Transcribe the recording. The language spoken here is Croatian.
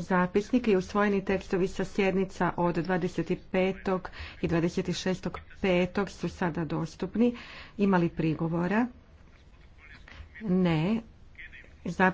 Zapisnik i usvojeni tekstovi sa sjednica od 25. i petog su sada dostupni. Imali prigovora? Ne. Zapisnik